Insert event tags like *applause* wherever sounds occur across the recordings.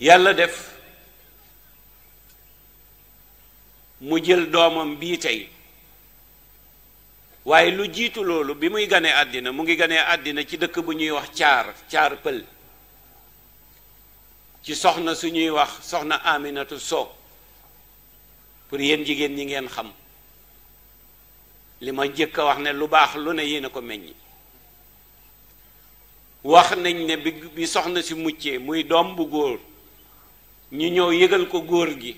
yàlla def mu jël doomam bii tey waaye lu jiitu loolu bi muy ganee àddina mu ngi ganee àddina ci dëkk bu ñuy wax caar caar pël ci soxna su ñuy wax soxna Aminatu Sow pour yéen jigéen ñi ngeen xam li ma jëkk a wax ne lu baax lu ne yéen a ko meññ wax nañ ne bi bi soxna si muccee muy doom bu góor ñu ñëw yëgal ko góor gi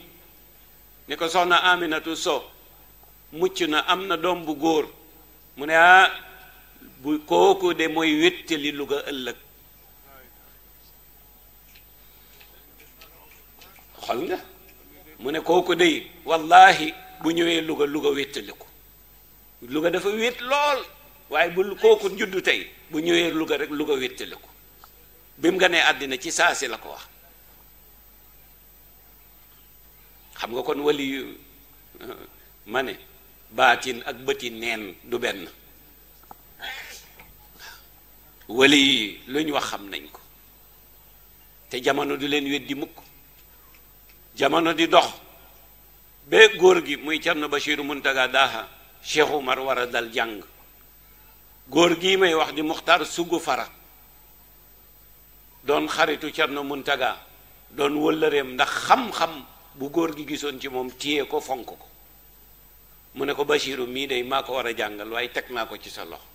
ni ko soxna Aminatu So mucc na am na doom bu góor mu ne ah bu kooku de mooy wéttali Louga ëllëg xol nga mu ne kooku de wallahi bu ñëwee Louga Louga wéttali ko Louga dafa wét lool waaye bu kooku juddu tey bu ñëwee Louga rek Louga wéttali ko bi mu nga nee àddina ci saa si la ko wax xam nga kon wali yu ma ne baatin ak bëti neen du benn wali yi wax xam nañ ko te jamono du leen weddi mukk jamono di dox ba góor gi muy Cerno Bachiru Muntaga Daha Cheikh Umar war a dal jàng góor gi may wax di Muxtaar Sugu Fara doon xaritu Cerno Muntaga doon wëllëreem ndax xam-xam bu góor gi gisoon ci moom téye ko fonk ko mu ne ko Bachiru mii day maa ko war a jàngal waaye teg naa ko ci sa loxo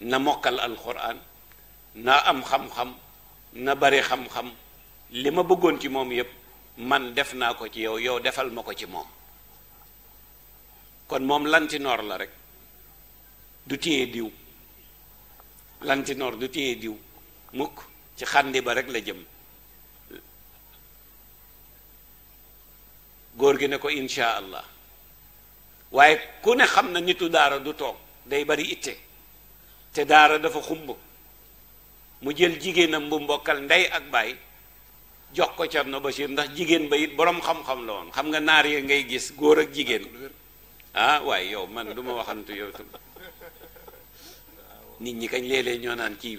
na mokkal alxuraan na am xam-xam na bari xam-xam li ma bëggoon ci moom yépp man def naa ko ci yow yow defal ma ko ci moom kon moom lantinoor la rek du téye diw lantinoor du téye diw mukk ci xàndi ba rek la jëm góor gi ne ko insha allah waaye ku ne xam na nitu daara du toog day bari itte te daara dafa xumb mu jël jigéenam bu mbokkal ndey ak baay jox ko Cerno Bachir ndax jigéen ba it boroom xam-xam la woon xam nga naar yi ngay gis góor ak jigéen ah, waaye yow man du ma waxantu yow tam nit ñi kañ léeg-léeg ñoo naan kii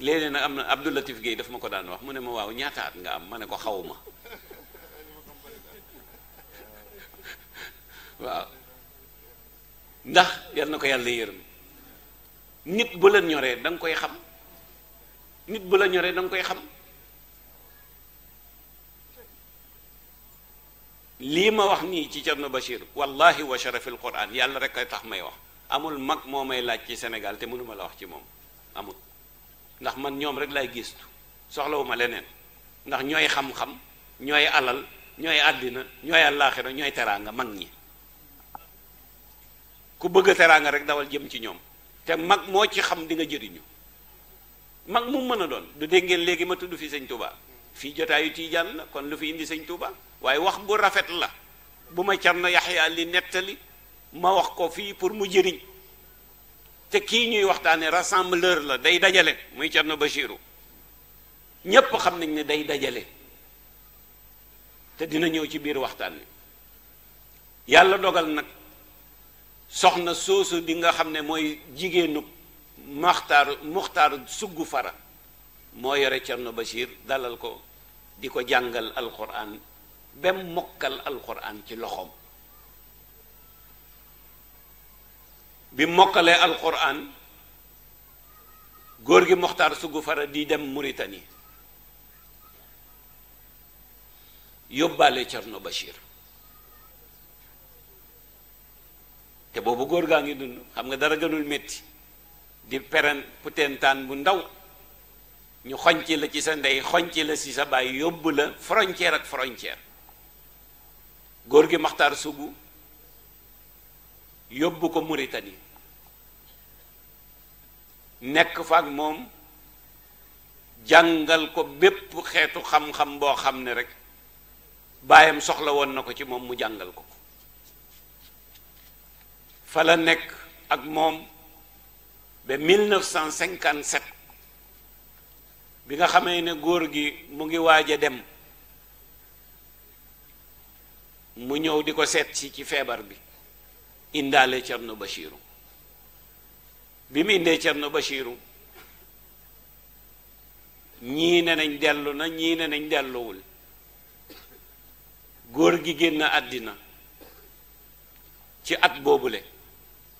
léeg-léeg am na Abdou Latif Guèye daf ma ko daan wax mu ne ma waaw ñaata at nga am ma ne ko xaw ma waaw ndax yal na ko yàlla yërëm nit bu la ñoree da nga koy xam nit bu la ñoree danga koy xam lii ma wax nii ci Thierno Bachir wallahi wa sharafil quran yàlla rek a tax may wax amul mag moo may laaj ci Sénégal te mënuma la wax ci moom amul ndax man ñoom rek lay gistu soxlawuma leneen ndax ñooy xam-xam ñooy alal ñooy àddina ñooy àllaaxira ñooy teraanga mag ñi ku bëgg a teraanga rek dawal jëm ci ñoom te mag moo ci xam di jëriñu mag mu mën a doon du dégg léegi ma tudd fi sëñ Touba fii jotaayu tiijaan la kon lu fi indi sëñ Touba waaye wax bu rafet la bu ma car na yaxyaa li nettali ma wax ko fii pour mu jëriñ te kii ñuy waxtaane rassembleur la day dajale muy Cerno Bachiru ñépp xam nañ ne day dajale te dina ñëw ci biir waxtaan wi yàlla dogal nag soxna soosu bi nga xam ne mooy jigéenu maxtaar muxtaar sugg fara moo yore Cerno Bachir dalal ko di ko jàngal alquran ba mokkal alquran ci loxoom bi mokkalee alquran góor gi muxtaar sugg fara di dem muritani yóbbaale Cerno Bachir boobu góor gaa ngi dund xam nga dara gënul metti di peren putentaan bu ndaw ñu xonc la ci sa ndey xoñci la ci sa baay yóbbu la frontière ak frontière góor gi maxtaar sugu yóbbu ko Mauritanie nekk fa ak moom jàngal ko bépp xeetu xam-xam boo xam ne rek baayam soxla woon na ko ci moom mu jàngal ko fa la nekk ak moom ba 1957 bi nga xamee ne góor gi mu ngi waaj a dem mu ñëw di ko seet si ci feebar bi indaale Cerno Bachiru bi mu indee Cerno Bachiru ñii ne nañ dellu na ñii ne nañ delluwul góor gi génn àddina ci at boobule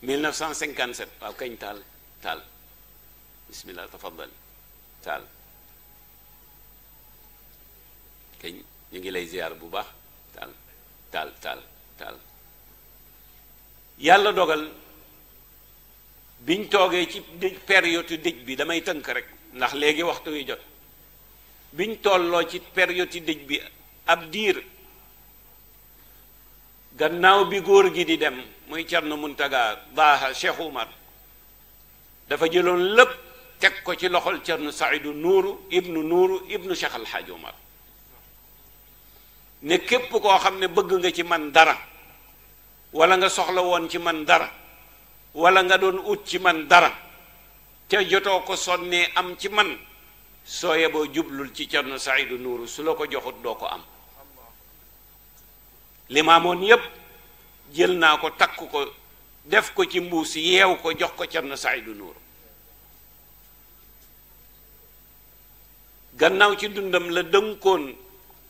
1957 waaw kañ taal taal bismillah tafaddal taal kañ ñu ngi lay ziar bu baax taal taal taal yàlla dogal biñ toogee ci dëj période dëj bi damay tënk rek ndax léegi waxtu wi jot biñ tolloo ci période dëj bi ab diir gannaaw bi góor gi di dem muy Cerno Muntaga baax Cheikh Umar dafa jëloon lëpp teg ko ci loxol Cerno Saidu Nuuru ibnu Nuuru ibnu Cheikh Al Umar ne képp koo xam ne bëgg nga ci man dara wala nga soxla woon ci man dara wala nga doon ut ci man dara te jotoo ko sonnee am ci man soo yeboo jublul ci Cerno Saidu Nuuru su la ko joxut doo ko am li ma amoon yépp jël naa ko takk ko def ko ci mbuus yeew ko jox ko Cerno Saydu Nuur gannaaw ci dundam la dënkoon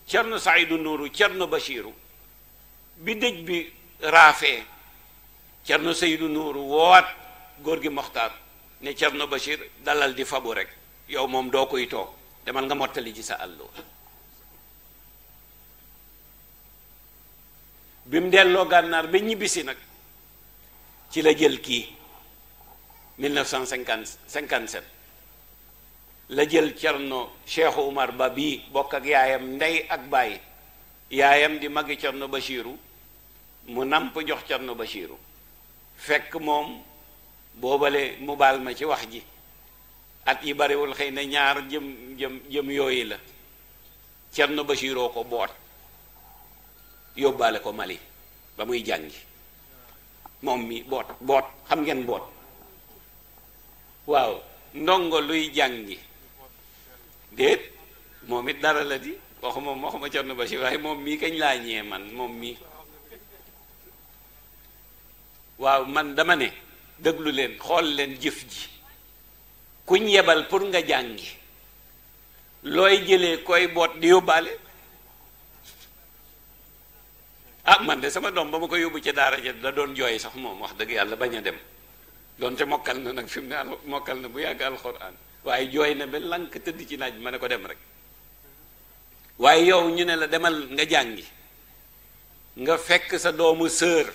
Cerno Saydu Nuuru Cerno Bashiru bi dëj bi raafee Cerno Saydu Nuuru woowaat góor gi Moxtaar ne Cerno Bashir dalal di fabu rek yow moom doo koy toog demal nga mottali ci sa àlluwa bi mu delloo gànnaar ba ñibbisi nag ci la jël kii 1957 la jël cerno Cheikh Umar Ba bii bokk ak yaayam ndey ak bàyyi yaayam di magi cerno Bachiru mu namp jox cerno Bachiru fekk moom boobale mu baal ma ci wax ji at yi bariwul xëy na ñaar jëm jëm jëm yooyu la cerno Bachiroo ko boot yóbbaale ko Mali ba muy jàngi moom mi boot boot xam ngeen boot waaw ndongo luy jàngi déet moom it dara la di waxuma waxuma Thierno Bachir waaye moom mii kañ laa ñee man moom mii waaw man dama ne déglu leen xool leen jëf ji kuñ yebal pour nga jàngi looy jëlee koy boot di yóbbaale ah man de sama doom ba ma ko yóbbu ci daara ja da doon jooy sax moom wax dëgg yàlla bañ a dem doonte mokkal na nag fi mu ne mokkal na bu yàgg alxuraan waaye jooy na ba lank tëdd ci naaj ma ne ko dem rek waaye yow ñu ne la demal nga jàngi nga fekk sa doomu sër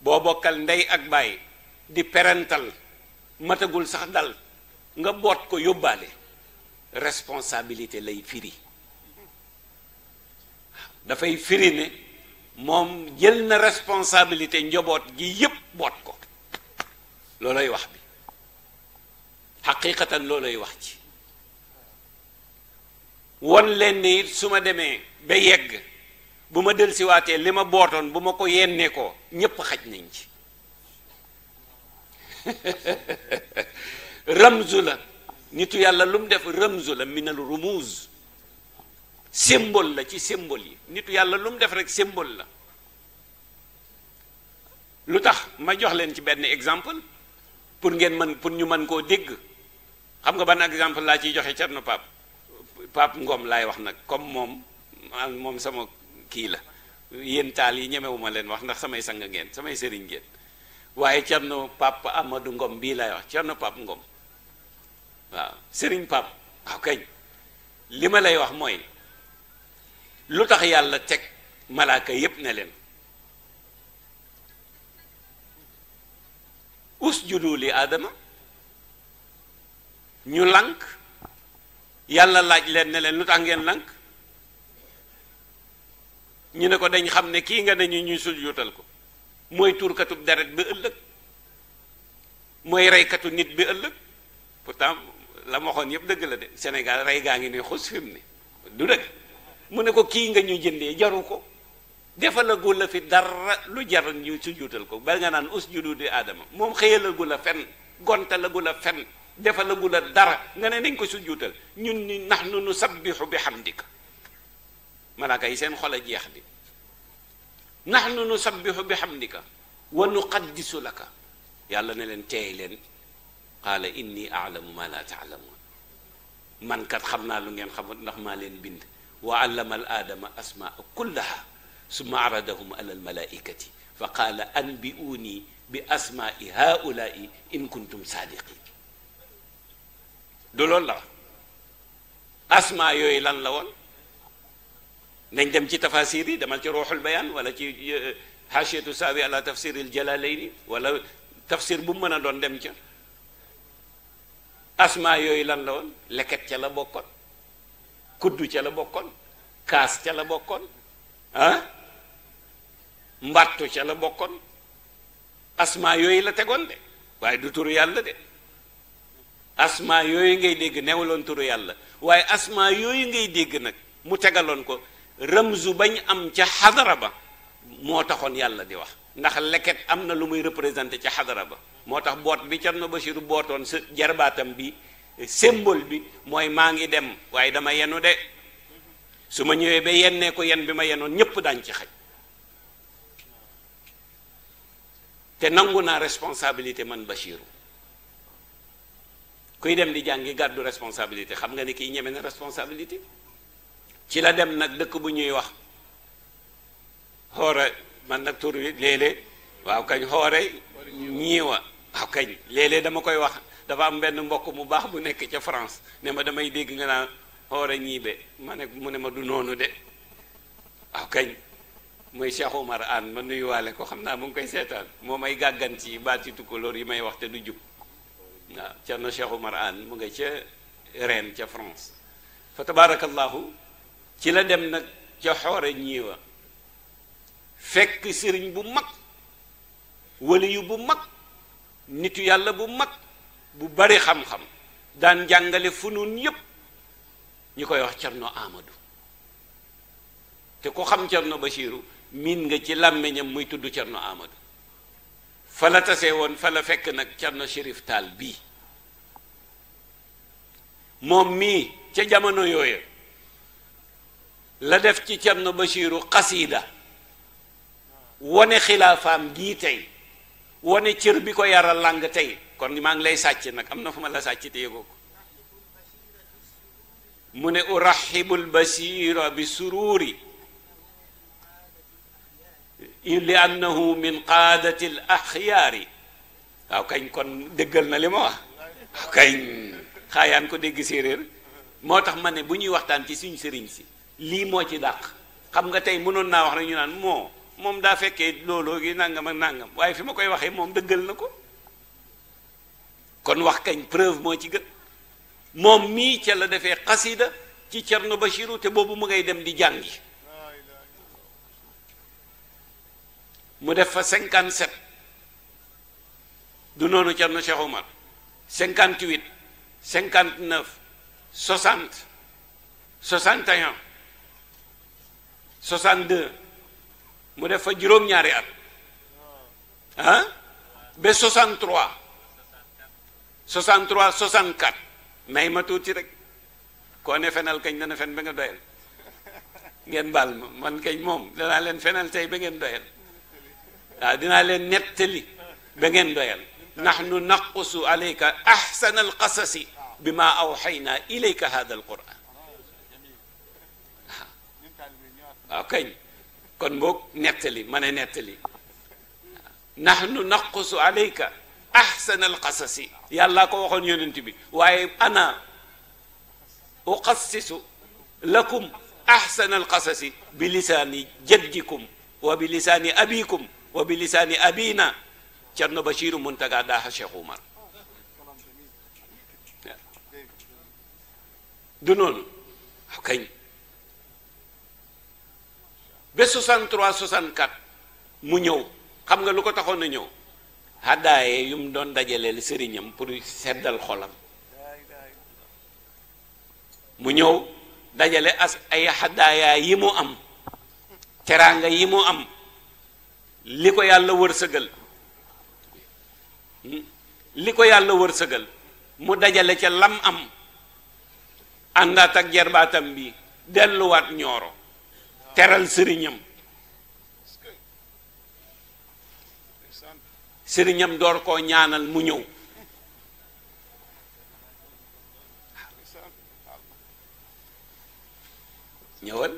boo bokkal ndey ak baay di perental matagul sax dal nga boot ko yóbbaale responsabilité lay firi dafay firi ne moom jël na responsabilité njaboot gi yépp boot ko loolay wax bi xaqiqatan loolay wax ci won leen ne su ma demee ba yegg bu ma delsiwaatee li ma bootoon bu ma ko yennee ko ñépp xaj nañ ci *laughs* ramzu la nitu yàlla lu mu def ramzu la minal rumuz symbole la ci symbole yi nitu yàlla lu mu def rek symbole la lu tax ma jox leen ci benn exemple pour ngeen mën pour ñu man koo dégg xam nga ba ban exemple laa ciy joxe Cerno Pape Pape Ngom laay wax nag comme moom moom sama kii la yéen taal yi ñemewuma leen wax ndax samay sang ngeen samay sëriñ ngeen waaye Cerno Pape amadu Ngom bii laay wax Cerno Pape Ngom waaw sëriñ Pape waaw kañ li ma lay wax mooy lu tax yàlla teg malaaka yépp ne leen usjudu li aadama ñu lànk yàlla laaj leen ne leen lu tax ngeen lànk ñu ne ko dañ xam ne kii nga nañu ñuy sujjuutal ko mooy tuurkatub deret bi ëllëg mooy reykatu nit bi ëllëg pourtant la ma waxoon yépp dëgg la de Sénégal rey gaa ngi nii xus fi mu du dëgg mu ne ko kii nga ñu jëndee jaru ko defalagu la fi dara lu jar ñu sujjuutal ko ba nga naan usjudu di aadama moom xëyalagu la fen gontalagu la fen defalagu la dara nga ne nañ ko sujjuutal ñun ni nahnu nusabbihu bi hamdika malaaka yi seen xol a jeex bi nahnu nusabbihu bi hamdika wa nuqaddisu laka yàlla ne leen teey leen qaala inni aalamu ma la taalamuun man kat xam naa lu ngeen xamut ndax maa leen bind wa allama al aadama asmaa kullaha summa aradahum ala almalaikati fa qaala anbiuuni bi asmaai haulaai in kuntum saadiqin du loolu la wax asmaa yooyu lan la woon nañ dem ci tafasir yi demal ci ruuxul bayaan wala ci xaasiyatu eh, saawi ala tafsir il jalalayni wala tafsir bu mu mën a doon dem ca asmaa yooyu lan la woon leket ca la bokkoon kuddu ca la bokkoon kaas ca la bokkoon ah mbàttu ca la bokkoon asma yooyu la tegoon de waaye du turu yàlla de asma yooyu ngay dégg newloon turu yàlla waaye asma yooyu ngay dégg nag mu tegaloon ko ramzu bañ am ca xadara ba moo taxoon yàlla di wax ndax leket am na lu muy représenté ca xadara ba moo tax boot bi Thierno Bachir bootoon sa jarbaatam bi Eh, symbole bi mooy maa ngi dem waaye dama yenu de su ma ñëwee ba yennee ko yen bi ma yenoon ñépp daañ ci xaj te nangu naa responsabilité man Bachiru kuy dem di jàngi gàddu responsabilité xam nga ni kiy ñeme na responsabilité ci la dem nag dëkk bu ñuy wax xoore man nag tur wi léeg-léeg waaw kañ xoore ñiiwa kañ léeg-léeg dama koy wax dafa am benn mbokk mu baax mu nekk ca France ne ma damay dégg nga naan xoore ñiibe ma ne mu ne ma du noonu de waaw kañ mooy Cheikh Omar Anne ma nuyuwaale ko xam naa mu ngi koy seetaan moo may gàggan ci baati tukulóor yi may wax te du jub waaw Cerno Cheikh Omar Anne mu nga ca Rennes ca France fa tabarakallahu ci la dem nag ca xoore ñiiwa fekk sëriñ bu mag waliyu bu mag nitu yàlla bu mag bu bari xam-xam daan jàngale funuun yépp ñi koy wax Cerno Amadou te ku xam Cerno Bachiru miin nga ci làmmiñam muy tudd Cerno Amadou fa la tasee woon fa la fekk nag Cerno Chérif Taal bii moom mii ca jamono yooyu la def ci Cerno Bachiru xasiida wone xilaafaam gii tey wane cër bi ko yaral làng tey kon maa ngi lay sàcc nag am na fu ma la sàcc te yëgoo ko mu ne urahibul basira bi sururi li annahu min qaadati l axyaari waaw kañ kon déggal na li ma wax kañ xaayaan ko dégg séeréer moo tax ma ne bu ñuy waxtaan ci suñu sëriñ si lii moo ci dàq xam nga tey mënoon naa wax rek ñu naan moo moom daa fekkee looloo gi nangam ak nangam waaye fi ma koy waxee moom dëggal na ko kon wax kañ preuve moo ci gën moom mii ca la defee xasida ci Cerno Bachiru te boobu mu ngay dem di jàngi mu def fa cinquante sept du noonu Cerno Cheikh Omar cinquante huit cinquante neuf soixante soixante et un soixante deux mu def fa juróom-ñaari at ah ba soixante trois 63 64 may ma tuuti rek koo ne fenal kañ dana fen ba nga doyal ngeen baal ma man kañ moom danaa leen fenal tey ba ngeen doyal waaw dinaa leen nettali ba ngeen doyal nahnu naqusu alayka ahsana alqasasi bima awxayna ilayka hada alquran waaw kañ kon boog nettali ma ne nettali nahnu naqusu alayka ahsanal qasasi yàllaa ko waxoon yonent bi waaye ana uqassisu lakum ahsanal qasasi bi lisaani jaddikum wa bi lisaani abikum wa bi lisaani abina Cerno Bachiru Muntaga daaxa Cheikh Umar du noonu kañ ba mu ñëw xam nga lu ko taxoon na ñëw haddaaye yu mu doon dajaleel sëriñam pour seddal xolam mu ñëw dajale as ay haddaayaa yi mu am teraanga yi mu am li ko yàlla wërsëgal hmm? li ko yàlla wërsëgal mu dajale ca lam am àndaat ak jarbaatam bi delluwaat ñooro teral sëriñam sëriñam door koo ñaanal mu ñëw ñëwal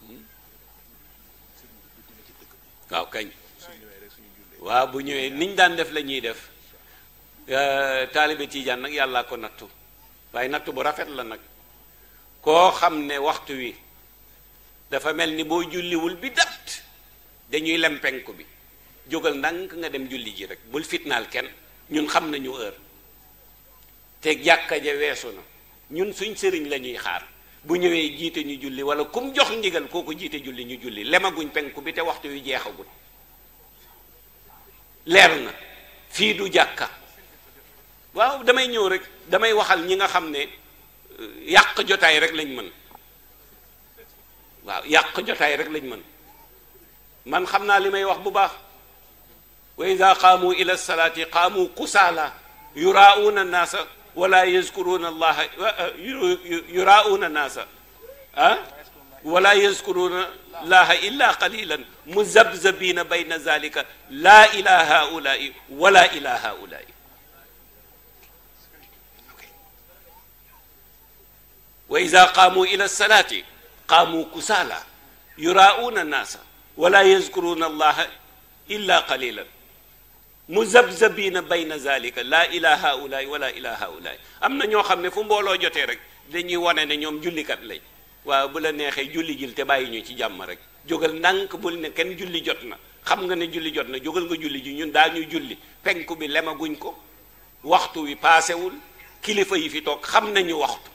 hmm? waaw kañ waaw bu ñëwee niñ daan def la ñuy def Eh, taalibe tiijaan nag yàllaa ko nattu waaye nattu bu rafet la nag koo xam ne waxtu wi dafa mel ni boo julliwul bi dat dañuy lem penku bi jógal ndànk nga dem julli ji rek bul fitnaal kenn ñun xam nañu heure te jàkka ja weesu na ñun suñ sëriñ la ñuy xaar bu ñëwee jiite ñu julli wala kum jox ndigal kooku jiite julli ñu julli lemaguñ penku bi te waxtu wi jeexagul leer na fii du jàkka waaw damay ñëw rek damay waxal ñi nga xam ne euh, yàq jotaay rek lañ mën waaw yàq jotaay rek lañ mën man xam naa li may wax bu baax wa ida qaamu ila salaati qaamu kusaala yuraauuna naasa wala yazkuruuna allaha euh, yuraauuna naasa ah wala yazkuruuna laha illa qalilan muzabzabiina bayna zalika la ila haulaai wala ila haulaai wa ida qaamu ila salaati qaamu kusaala yuraa'uuna naasa wala yazkuruuna allaha illa qalilan muzabzabiina bayna zalika laa ila haulaay wala ila haulaay am na ñoo xam ne fu mbooloo jotee rek dañuy wane ne ñoom jullikat lañ waa bu la neexee julli jil te bàyyi ñu ci jàmm rek jógal ndànk bul ne kenn julli jot na xam nga ne julli jot na jógal nga julli ji ñun daa ñuy julli penku bi lemaguñ ko waxtu wi paasewul kilifa yi fi toog xam nañu waxtu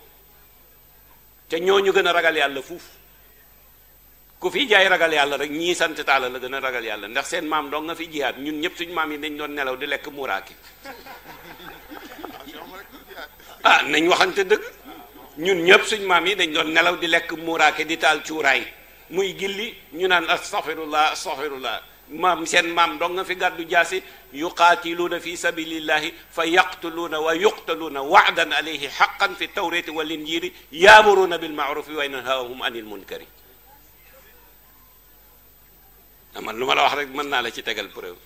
te ñu gën a ragal yàlla fuuf ku fi jaay ragal yàlla rek ñii sant taala la gën a ragal yàlla ndax seen maam dong nga fi jihaat ñun ñëpp suñu maam yi dañ doon nelaw di lekk muuraaki ah nañ waxante ñun ñëpp suñu maam yi dañ doon nelaw di lekk muuraaki di taal cuuraay muy gilli ñu naan astaghfirullah astaghfirullah maam seen maam dong nga fi gàddu jaasi yuqaatiluuna fi sabilillahi fa yaqtuluuna wa yuqtaluuna waadan alayhi xaqan fi tawrati wal injili yaamuruuna bil maarufi wa yanhahum anil munkari man lu ma la wax rek mën naa la ci tegal preuve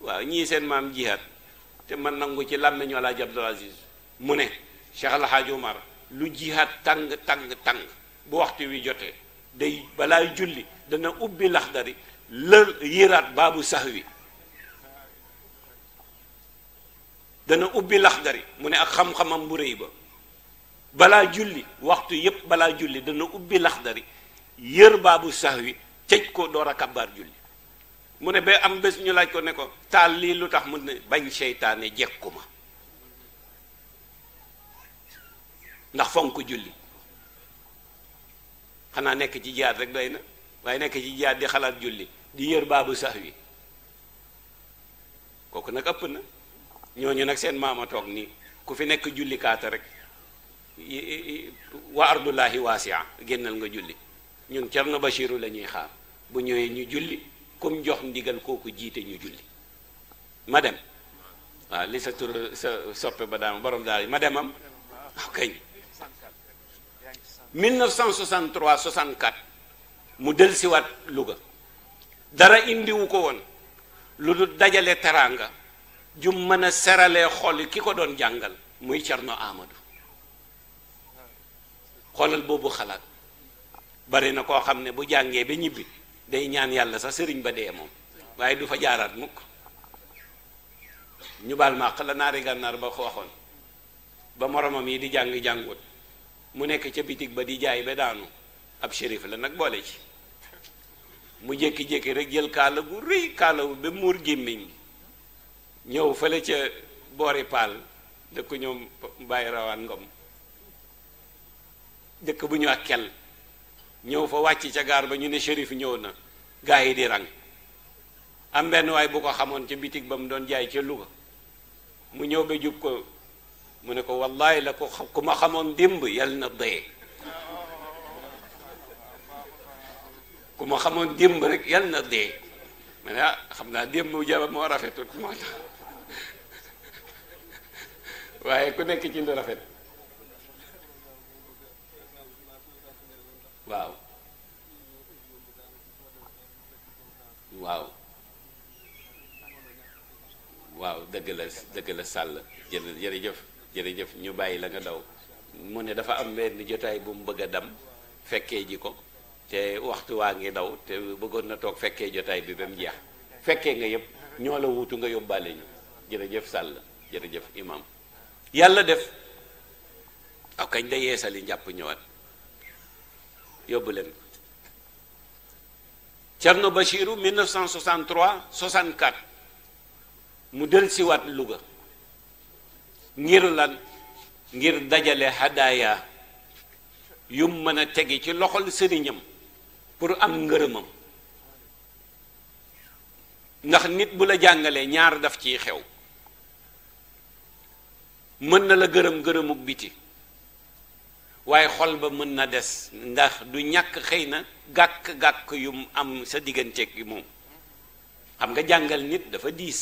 waaw ñii seen maam jihaad te man nangu ci làmmiñu Alaaji Abdul Aziz mu ne Cheikh El Hadj lu jihaad tàng tàng tàng bu waxtu wi jotee day balaa julli dana ubbi laxdari lël yiraat baabu sax wi dana ubbi laxdari mu ne ak xam-xamam bu rëy ba balaa julli waxtu yépp balaa julli dana ubbi laxdari yër baabu sax wi cëj ko door a kabaar julli mu ne ba am bés ñu laaj ko ne ko taal lii lu tax mu ne bañ seytaane jekku ma ndax fonk julli xanaa nekk ci jihaad rek day na waaye nekk ci jihaad di xalaat julli di yër baabu sax wi kooku nag ëpp na ñooñu nag seen maama toog nii ku fi nekk julli kaata rek wa ardullahi waasia génnal nga julli ñun Cerno Bachiru la ñuy xaar bu ñëwee ñu julli kum jox ndigal kooku jiite ñu julli ma dem waaw li sa tur sa soppe ba daama borom daal yi ma demam kañ 1963 64 mu dellusiwaat Louga dara indiwu ko woon lu dul dajale teraanga jum mën a seralee xol ki ko doon jàngal muy Cerno Amadou xoolal boobu xalaat bari na koo xam ne bu jàngee ba ñibbi day ñaan yàlla sax sëriñ ba dee moom waaye du fa jaaraat mukk ñu baal ma la naari gànnaar ba waxoon ba moromam yi di jàng jàngut mu nekk ca bitig ba di jaay ba daanu ab shérif la nag boole ci mu jékki-jékki rek jël kaala bu rëy kaala ba muur gémmiñ gi ñëw fële ca boori paal dëkk ñoom bàyyi rawaan ngom dëkk bu ñu ak kel ñëw fa wàcc ca gaar ba ñu ne shérif ñëw na gaa yi di rang am benn waay bu ko xamoon ca bitig ba mu doon jaay ca Louga mu ñëw ba jub ko mu ne ko wallaay la ko ku ma xamoon démb yal na dee ku ma xamoon démb rek yal na dee ma ah xam naa démb jaba moo rafetul moo *laughs* tax waaye ku nekk ci lu rafet waaw waaw waaw dëgg la dëgg la sàll jërë jërëjëf jërëjëf ñu bàyyi la nga daw mu ne dafa am benn jotaay bu mu bëgg a dam fekkee ji ko te waxtu waa ngi daw te bëggoon na toog fekkee jotaay bi ba mu jeex fekkee nga yëpp ñoo la wuutu nga yóbbaale ñu jërëjëf sàll jërëjëf imam yàlla def aw kañ da yeesali njàpp ñëwaat yóbbu leen ko Cerno Bachiru 1963 64 mu del siwaat Louga ngir la ngir dajale hadaaya yu mën a tegi ci loxol sëriñam pour am ngërëmam ndax nit bu la jàngalee ñaar daf ciy xew mën na la gërëm gërëmuk biti waaye xol ba mën na des ndax du ñàkk xëy na gàkk-gàkk yu am sa digganteeg moom xam nga jàngal nit dafa diis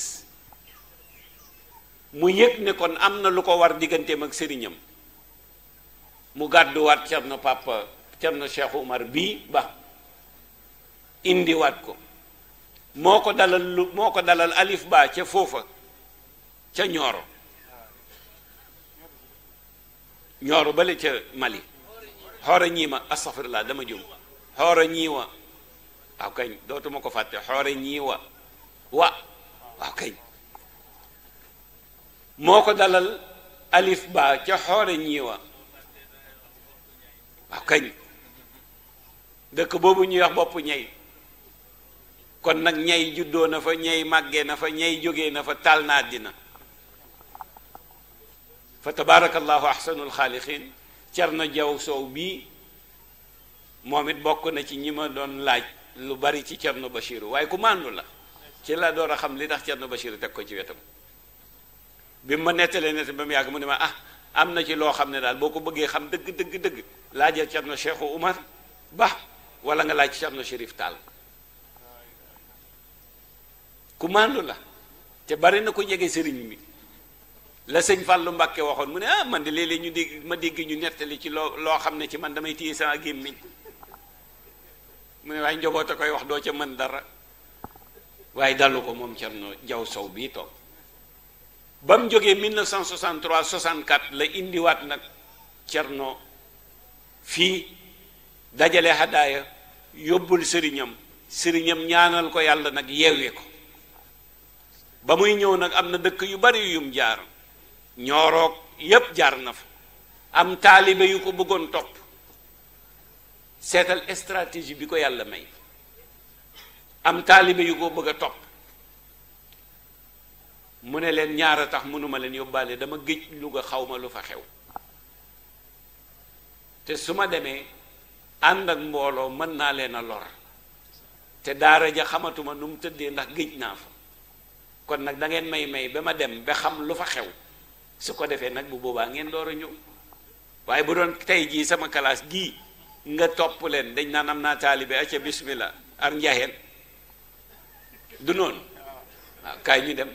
mu yëg ne kon am na lu ko war digganteem ak sëriñam mu gàdduwaat cerno papa cerno Cheikh Umar bii ba indiwaat ko moo ko moo ko dalal alif baa ca foofa ca ñooro ñooro bale ca Mali xoora ñiima astafirlaa dama jum xoora ñiiwa waaw kañ dootuma ko fàtte xoora ñiiwa wa waaw kañ moo ko dalal alif ba ca xoora ñiiwa waaw kañ dëkk boobu ñuy wax bopp ñey kon nag ñay juddoo na fa ñay màggee na fa ñay jógee na fa taal na àddina fa tabaarakallahu ahsanul xaaliqin Cerno Jaw soow bii moom it bokk na ci ñi ma doon laaj lu bari ci Cerno Bachir waaye ku màndu la ci la door a xam li tax Cerno Bachir teg ko ci wetam bi mu ma nettalee nett ba mu yàgg mu ne ma ah am na ci loo xam ne daal boo ko bëggee xam dëgg dëgg dëgg laajal Cerno Cheikhu Umar Ba wala nga laaj Cerno Chérif taal ku maandu la te bari na ko jege sëriñ bi la sëñ Fallou Mbacke waxoon mu ne ah man de léeg-léeg ñu dégg ma dégg ñu nettali ci loo loo xam ne ci man damay téye sama gémmiñ mu ne waaye njaboot a koy wax doo ca mën dara waaye dalu ko moom Thierno jaw Sow bii toog ba mu jógee 1963 64 la indiwaat nag Thierno fii dajale hadaaya yóbbul sëriñam sëriñam ñaanal ko yàlla nag yeewee ko. ba muy ñëw nag am na dëkk yu bari yum jaar ñooroog yépp jaar na fa am taalibe yu ko bëggoon topp seetal stratégie bi ko yàlla may am taalibe yu ko bëgg a topp mu ne leen ñaar a tax mënuma leen yóbbaale dama géej lu nga xaw ma lu fa xew te su ma demee ànd ak mbooloo mën naa leen a lor te daara ja xamatuma nu mu tëddee ndax géej naa fa kon nag da ngeen may may ba ma dem ba xam lu fa xew su ko defee nag bu boobaa ngeen door a ñëw waaye bu doon tey jii sama kalaas gii nga topp leen dañ naan am naa taalibe aca bismillah ar njaxeen du noonu waaw kaay ñu dem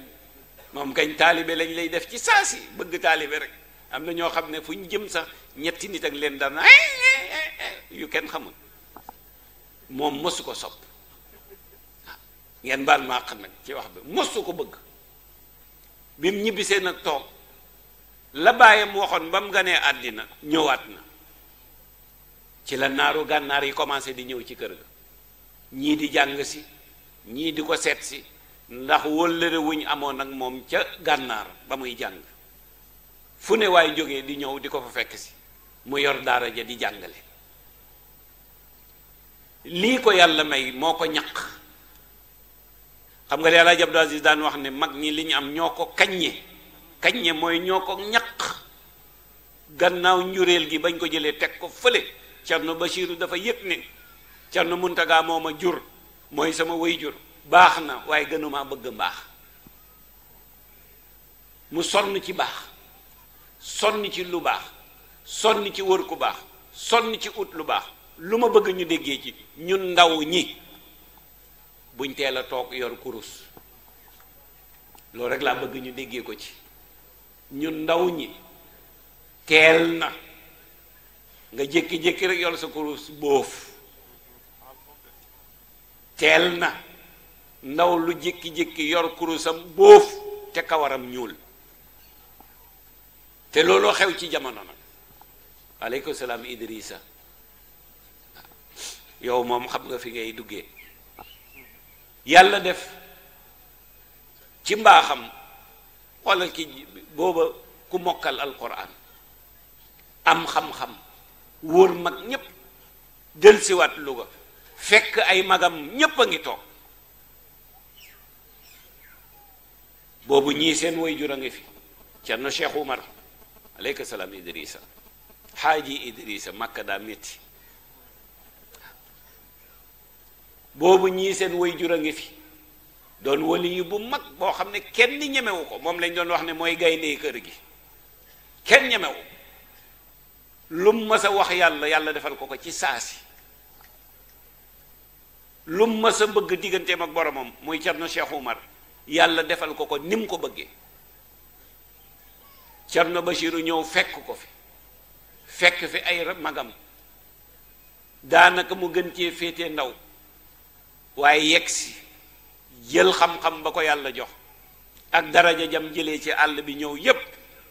moom kañ taalibe lañ lay def ci saa si bëgg taalibe rek am na ñoo xam ne fu ñu jëm sax ñetti nit ak leen daan eh, eh, eh, yu kenn xamul moom mosu ko sopp ngeen baal maa xam nag ci wax bi mosu ko bëgg bi mu ñibbisee nag toog la bàyyam waxoon ba mu ganee àddina ñëwaat na ci la naaru gànnaar yi commencé di ñëw ci kër ga ñii di jàng si ñii di ko seet si ndax wëllëre wuñ amoon ak moom ca gànnaar ba muy jàng fu ne waay jógee di ñëw di ko fa fekk si mu yor daara ja di jàngale lii ko yàlla may moo ko ñaq xam nga li Alaaji Abdou Aziz daan wax ne mag ñi li ñu am ñoo ko kaññe kaññe mooy ñoo ko ñaq gannaaw njureel gi bañ ko jëlee teg ko fële Cerno Bachiru dafa yëg ne Cerno Muntaga moo ma jur mooy sama way jur baax na waaye gënumaa bëgg mbaax mu sonn ci baax sonn ci lu baax sonn ci wër ku baax sonn ci ut lu baax lu ma bëgg ñu déggee ci ñun ndaw ñi buñ teel a toog yor kurus loolu rek laa bëgg ñu déggee ko ci ñun ndaw ñi teel na nga jékki-jékki rek yor sa kurus boof teel na ndaw lu jékki-jékki yor kurusam boof te kawaram ñuul te looloo xew ci jamono nag aleykum salaam Idrissa yow moom xam nga fi ngay duggee yàlla def ci mbaaxam xoolal ki booba ku mokkal alquran am xam-xam wóor mag ñépp delsiwaat Louga fekk ay magam ñépp a ngi toog boobu ñii seen way jur a ngi fi cerno Cheikh Umar aleyka salaam Idrissa xaaji Idrissa Makka daa métti boobu ñii seen jur a ngi fi doon wali yu bu mag boo xam ne kenn ñemewu ko moom lañ doon wax ne mooy gaynde kër gi kenn ñemewu lum mës a wax yàlla yàlla defal ko ko ci saa si lu mës a bëgg digganteem ak boromam muy Cerno Cheikh Umar yàlla defal ko ko ni ko bëggee Cerno Bachiru ñëw fekk ko fi fekk fi ay magam daanaka mu gën cee féete ndaw waaye yegg si jël xam-xam ba ko yàlla jox ak daraja jam jële ci àll bi ñëw yépp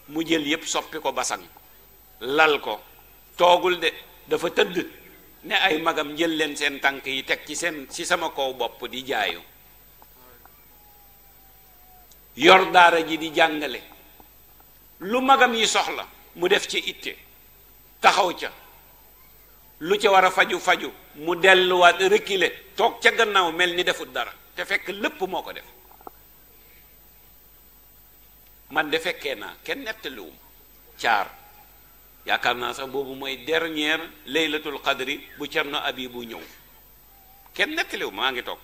mu jël yépp soppi ko basan lal ko toogul de dafa tëdd ne ay magam jël leen seen tànk yi teg ci seen ci sama kow bopp di jaayu yor daara ji di jàngale lu magam yi soxla mu def ci itte taxaw ca lu ca war a faju faju mu delluwaat reculer toog ca gannaaw mel ni defut dara te fekk lépp moo ko def man de fekkee naa kenn nettaliwuma caar yaakaar naa sax boobu mooy dernière laylatul xadri bu Cerno Abibu ñëw kenn nettaliwuma maa ngi toog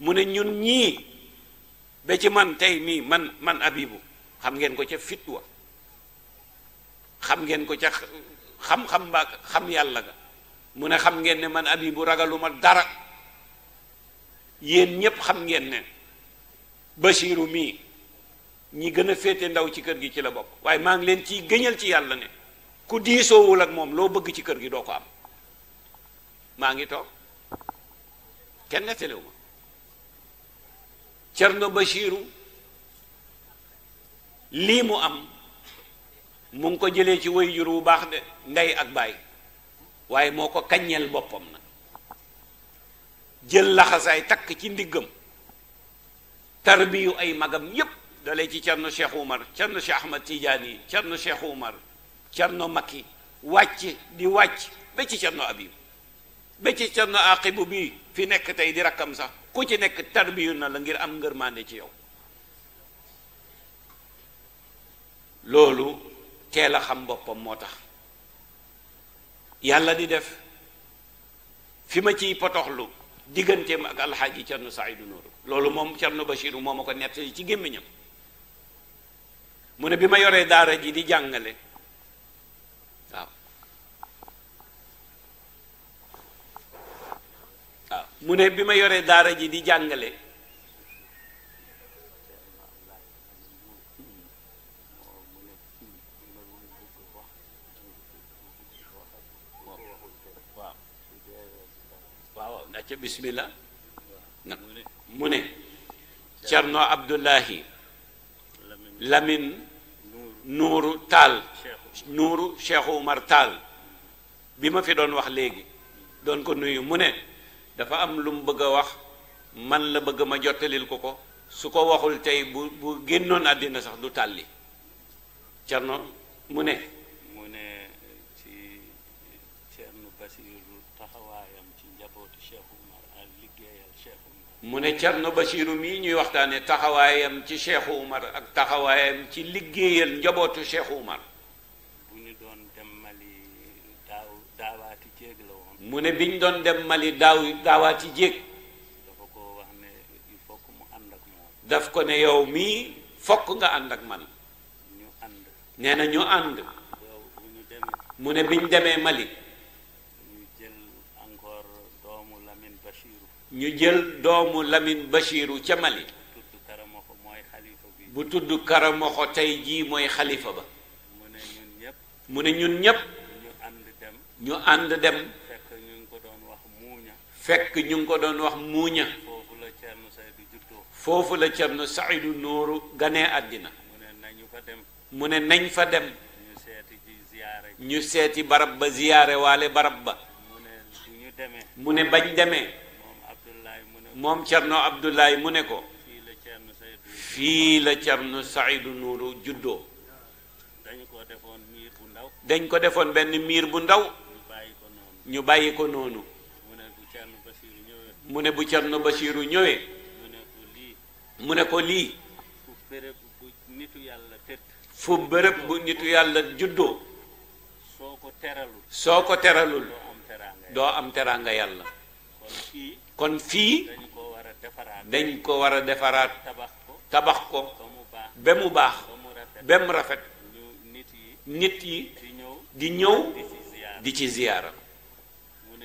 mu ne ñun ñii ba ci man tey mii man man Abibu xam ngeen ko ca fit wa xam ngeen ko ca xam-xam ba xam yàlla ga mu ne xam ngeen ne man abi bu ragaluma dara yéen ñépp xam ngeen ne Basiiru mii ñi gën a féete ndaw ci kër gi ci la bopp waaye maa ngi leen ciy gëñal ci yàlla ne ku diisoowul ak moom loo bëgg ci kër gi doo ko am maa ngi toog kenn nettaliwu ma Cerno Basiiru lii mu am mu ngi ko jëlee ci way jur wu baax de ndey ak baay waaye moo ko kaññeel boppam nag jël laxasaay takk ci ndiggam tarbiyu ay magam yépp dalee ci cerno Cheikh Umar cerno Cheikh Ahmad yi cerno Cheikh Umar cerno Makki wàcc di wàcc ba ci cerno Abib ba ci cerno Aqibu bii fi nekk tey di rakkam sax ku ci nekk tarbiyu na la ngir am ngërmaande ci yow loolu teel a xam boppam moo tax yàlla di def fi ma ciy potoxlu digganteem ak alxaaji Cerno du Nooru loolu moom Cerno Bachiru moo moom ko nett ci gémmiñam mu ne bi ma yoree daara ji di jàngale waaw waaw mu ne bi ma yoree daara ji di jàngale ca bismillah mu ne Cerno Abdullahi Lamin Nuuru Taal Nuuru Cheikh Umar Taal bi ma fi doon wax léegi doon ko nuyu mu ne dafa am lu mu bëgg a wax man la bëgg ma jottalil ko ko su ko waxul tey bu bu génnoon àddina sax du tàlli carno mu ne mu ne Cerno Basiiru mii ñuy waxtaane taxawaayam ci Cheikh Umar ak taxawaayam ci liggéeyal njabootu Cheikh Umar dem Mali daaw daawaati mu ne bi ñu doon dem Mali daaw daawaati jéeg dafa ko wax ne il faut mu ànd ak moom daf ko ne yow mii fokk nga ànd ak man ñu ànd ñu ànd mu ne bi ñu demee Mali ñu jël doomu lamin Bachiru ca Mali bu tudd Karamoxo tey jii mooy xalifa ba mu ne ñun ñépp ñu ànd dem fekk ñu ngi ko doon wax muuña foofu la Cerno Saydu Nuuru ganee àddina mu ne nañ fa dem ñu seeti barab ba ziyaare waale barab ba mu ne bañ demee moom Cerno Abdoulaye mu ne ko fii la Cerno Saydu Nuuru juddoo dañ ko defoon benn miir bu ndaw ñu bàyyi ko noonu mu ne bu Cerno Basiiru ñëwee mu ne ko lii fu bërëb bu nitu yàlla juddoo soo ko teralul doo am teraanga yàlla kon fii dañ ko war a defaraat tabax ko ba mu baax ba mu rafet nit yi di ñëw di ci ziyaara mu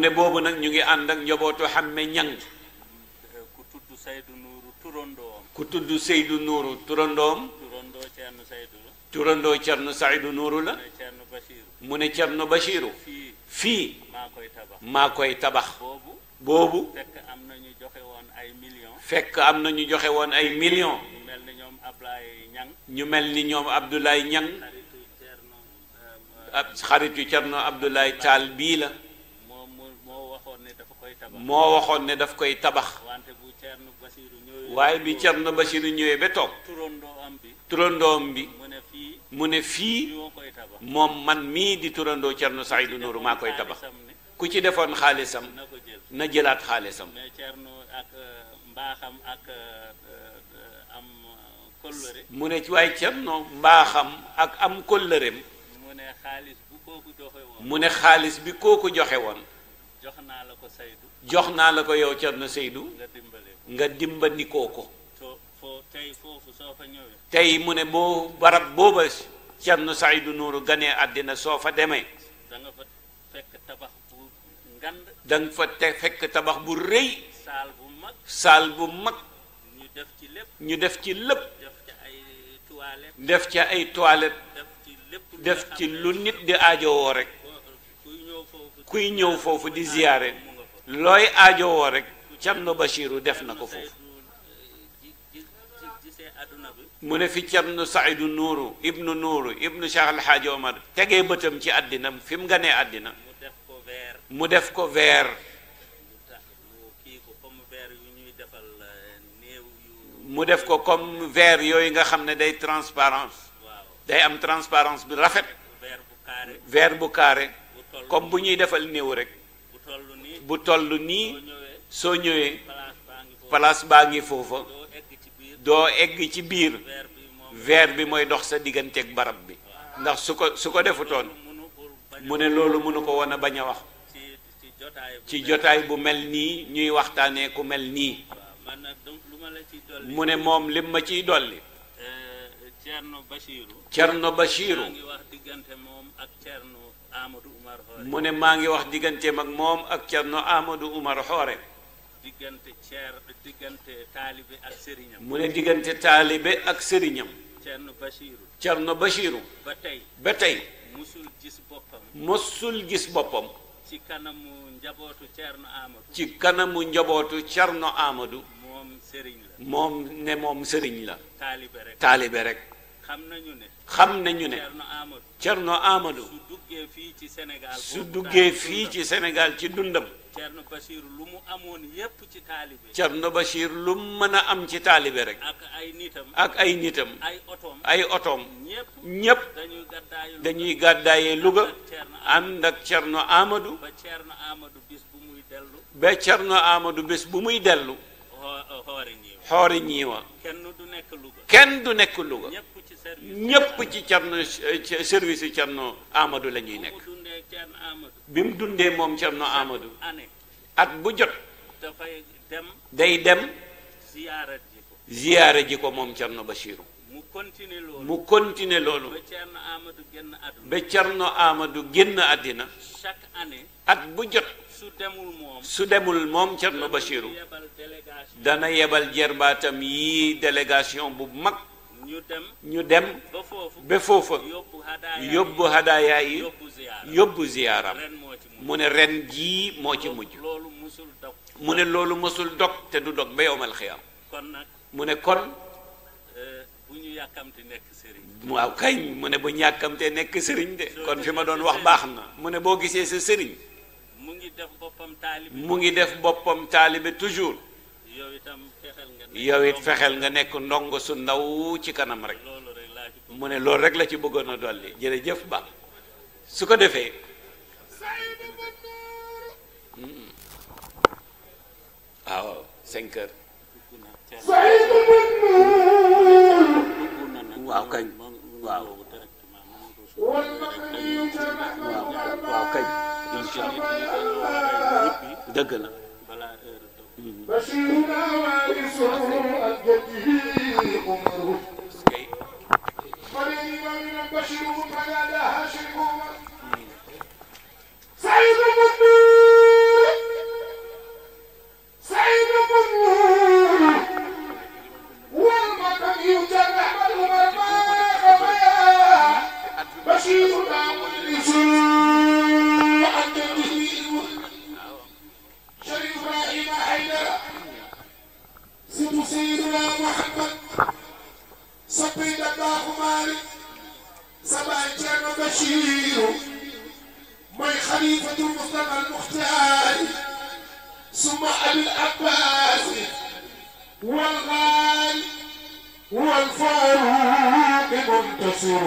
ne boobu nag ñu ngi ànd ak njabootu xamme ñang ku tudd Seydou Nourou turandoom ku tudd Seydou Nourou turandoom turandoo Cerno Seydou Nourou la mu ne Cerno Bachiru fii maa koy tabax boobu fekk am na ñu joxe woon ay millions fekk am na ñu joxe woon ay millions ñu mel ni ñoom Abdoulaye Niang ñu mel ni ñoom Abdoulaye Niang xaritu Cerno euh, Taal bii la moo waxoon ne dafa koy tabax waaye bi Cerno Basiru ñëwee ba toog turandoom bi mu ne fii moom man mii di turandoo Cerno Saydu Nuuru maa koy tabax ku ci defoon xaalisam na jëlaat xaalisam mais Thierno ak euh, mbaaxam ak euh, euh, am kóllëre mu ne waaye Thierno mbaaxam ak am kóllëreem mu ne xaalis bu kooku mu ne xaalis bi kooku joxe woon jox naa la ko Seydou jox naa la ko yow Thierno Seydou nga dimbali nga dimbandikoo ko tey foofu soo fa tey mu ne boo barab booba Thierno Seydou Nourou ganee àddina soo fa demee da fa te fekk tabax bu rëy saal bu mag saal bu mag ñu def ci lépp ñu def ci lépp ci ay toilette def ci lu nit di aajowoo rek kuy ñëw foofu di ziyaare looy aajowoo rek Cerno Bachiru def na ko foofu eh, mu ne fi Cerno Saidu Nuuru ibnu Nuuru ibnu Cheikh Alxaaji Omar tegee bëtam ci àddina fi mu ganee àddina mu def ko veer mu def ko comme veer yooyu nga xam ne day transparence day am transparence bi rafet veer bu carré comme bu ñuy defal néew rek bu toll nii soo ñëwee place baa ngi foofa doo egg ci biir veer bi mooy dox sa digganteeg barab bi ndax su ko su ko defutoon mu ne loolu mënu ko woon a bañ a wax ci jotaay bu mel nii ñuy waxtaanee ku mel nii mu ne moom lim ma ciy dolli Cerno Bachiru Cerno Bachiru mu ne maa ngi wax digganteem ak moom ak Cerno Amadou Oumar Xoore diggante ceer diggante taalibe ak sëriñam mu ne diggante taalibe ak sëriñam Cerno Bachiru Cerno Bachiru ba tey ba tey mosul gis mosul gis boppam ci kanamu njabootu Cerno Amadou. ci kanamu njabootu Cerno Amadou. moom sëriñ la moom ne moom sëriñ la. taalibe rek taalibe rek. xam nañu ne. xam nañu ne. Cerno Amadou. su duggee fii ci senegal su duggee fii ci Sénégal ci dundam. Cerno Bachir lu mu amoon yépp ci taalibe. Cerno Bachir lu mën a am ci rek. ak ay nitam. ak ay nitam. ay otoom. ay otoom. ñépp dañuy gàddaayee Louga. ànd ak Cerno Amadou. ba Cerno Amadou bés bu muy dellu. ba Cerno Amadou bés bu muy dellu. xoori ñiiwa. kenn du nekk Louga. ñépp ci Cerno service yi Cerno Amadou la ñuy nekk bi mu dundee moom Cerno Amadou at bu jot dafay dem day dem ziyaara ji ko moom Cerno Bachiru mu continuer loolu mu continuer loolu ba Cerno Amadou génn àddina chaque année at bu jot su demul moom su demul moom Cerno dana yebal jerbaatam yii délégation bu mag ñu dem ñu dem ba foofa yóbbu hadaaya yi yóbbu ziyaaram mu ne ren jii moo ci mujj mu ne loolu mësul dog te du dog ba yowmal xiyaam mu ne kon euh, waaw kañ mu ne bu ñu yàkkamtee nekk sëriñ de kon fi ma doon wax baax na mu ne boo gisee sa sëriñ mu ngi def boppam taalibe toujours yow itam yow it fexeel nga nekk ndongo su ndaw ci kanam rek mu ne loolu rek la ci bëggoon a dolli jërëjëf ba su ko defee hmm. waaw cinq heures waaw waaw kañ dëgg la بشيرنا وارثه عن جده عمر وللإمامنا بشير فنادى هاشم عمر سعيد منور سعيد منور والمكان يجرح والهمر ما خفيا بشيرنا وارثه عن جده Chérif Ibrahima Aïdara surtout Seydina Mouhamad soppi da baaxu Maalik sa baay Ceerno Bachiru mooy xalifatul Mustafa al Muxtaar summa Abil Abbaas wal Gaali wal Faaruq muntasir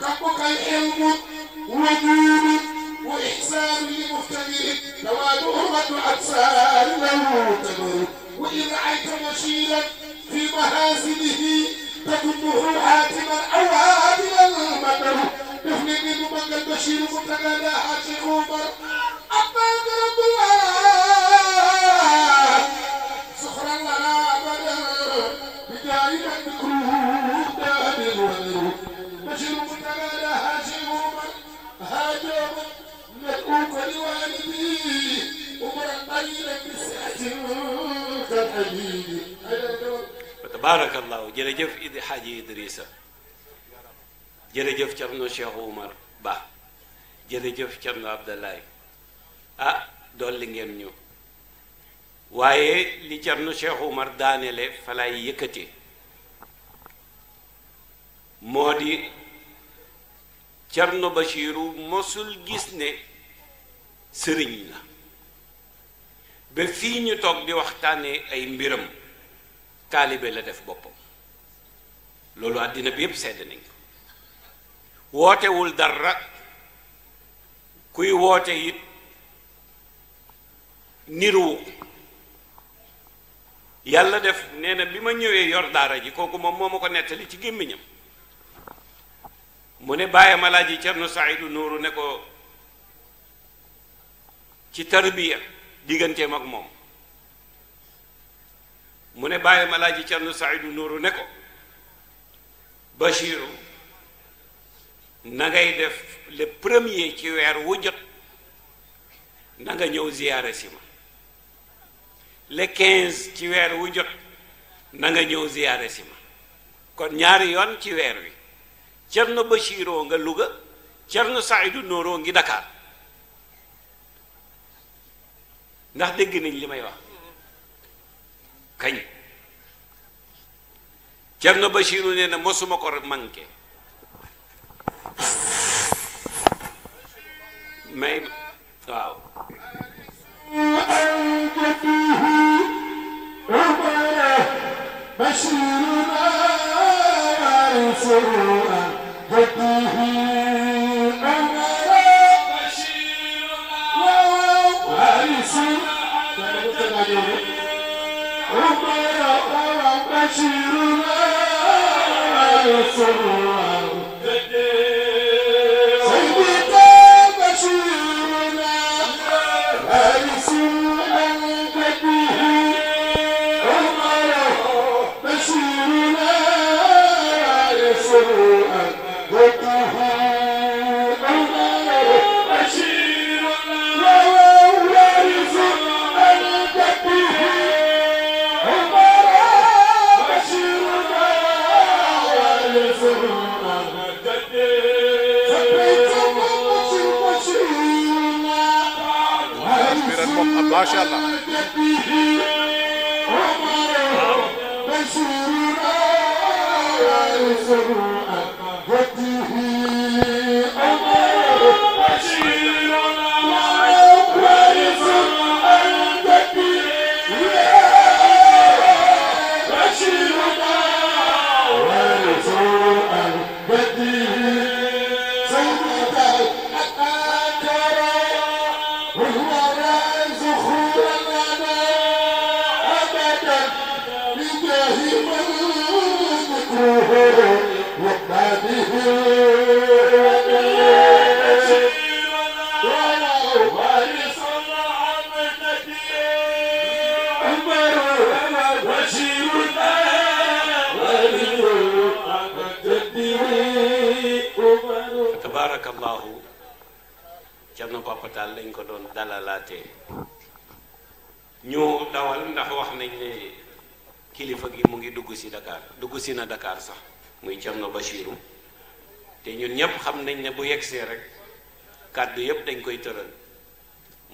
تحقق الحلم وجود وإحسان لمختبر دواد أمة أبصار له تدور وإن عيت مشيرا في محاسنه تكنه حاتما أو عادلا مدر يحمل من مكة البشير متقالا حاشي عمر أبدا رب العالمين fa tabarakallahu jërëjëf idi xaaji idrissa jërëjëf cerno cheikh oumar ba jërëjëf cerno abdalaay ah dolli ngeen ñu waaye li cerno cheikh oumar daanele fa lay moo di cerno bashiru mosul gis ne sëriñ la ba fii ñu toog di waxtaanee ay mbiram taalibe la def boppam loolu àddina bi yépp sedd nañ wootewul dara kuy woote it niruwu yàlla def nee na bi ma ñëwee yor daara ji kooku moom moo ma ko nettali ci gémmiñam mu ne bàyyam alaaji Cerno Saidu Nuuru ne ko ci tarbiya digganteem ak moom mu ne bàyyi ma laa ji Cerno Saidu Nuuru ne ko Bachiru na def le premier ci weer wu jot na nga ñëw ziyaare si ma le quinze ci weer wu jot na nga ñëw ziyaare ma kon ñaari yoon ci weer wi Cerno Bachiroo nga Luga Cerno Saidu Nuuru ngi Dakar ndax dégg nañ li may wax kañ Cerno Bachiru nee na mosuma ko manqué may waaw بشير وارث جده Rasul tabaarakallaahu Cerno Papa Tall lañ ko doon dalalaatee ñu dawal ndax wax nañ ne kilifa gi mu ngi dugg si Dakar dugg si na Dakar sax muy Cerno Bachiru te ñun ñépp xam nañ ne bu yegsee rek kàddu yépp dañ koy tëral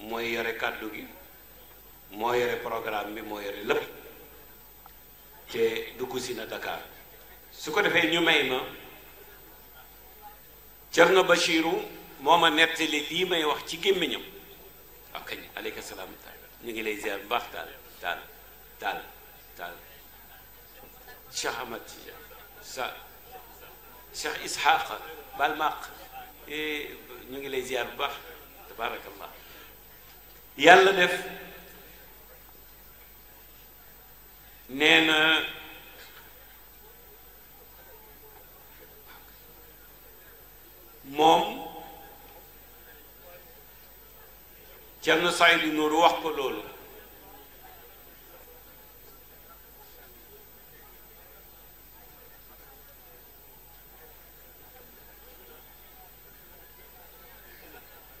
mooy yore kàddu gi moo yore programme bi moo yore lépp te dugg si na Dakar su ko defee ñu may ma Cerno Bachiru moo ma nettali lii may wax ci gémmiñam waaw ah, kañ aleyka salaam taal ñu ngi lay ziar bu baax taal taal taal taal Cheikh Ahmad Tija sa Cheikh Ishaqa bal maq eh, ñu ngi lay ziar bu baax def moom Cerno Saydu Nuuru wax ko loolu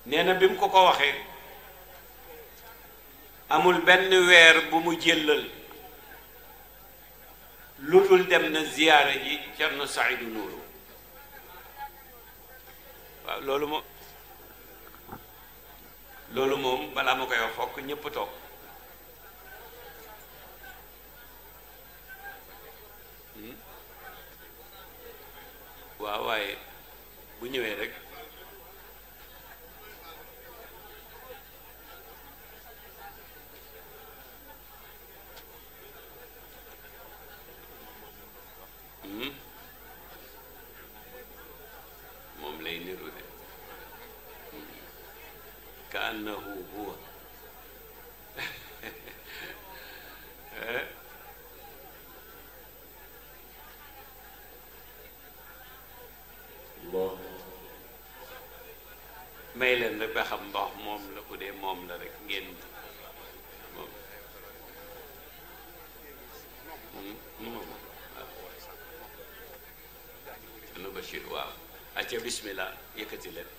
nee na bi mu ko ko waxee amul benn weer bu mu jëllal lu dul dem na ziyaara ji Cerno Saydu Nuuru waaw loolu moom loolu moom balaa ma koy wax fokk ñépp toog hmm? waaw waaye bu ñëwee rek hmm? moom lay niru de ka annahu huwa may leen rek ba xam ndox moom la bu dee moom la rek ngeen moom hmm. nu Bachir waaw acca bismillah yëkkati leen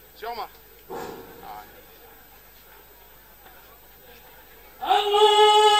Allah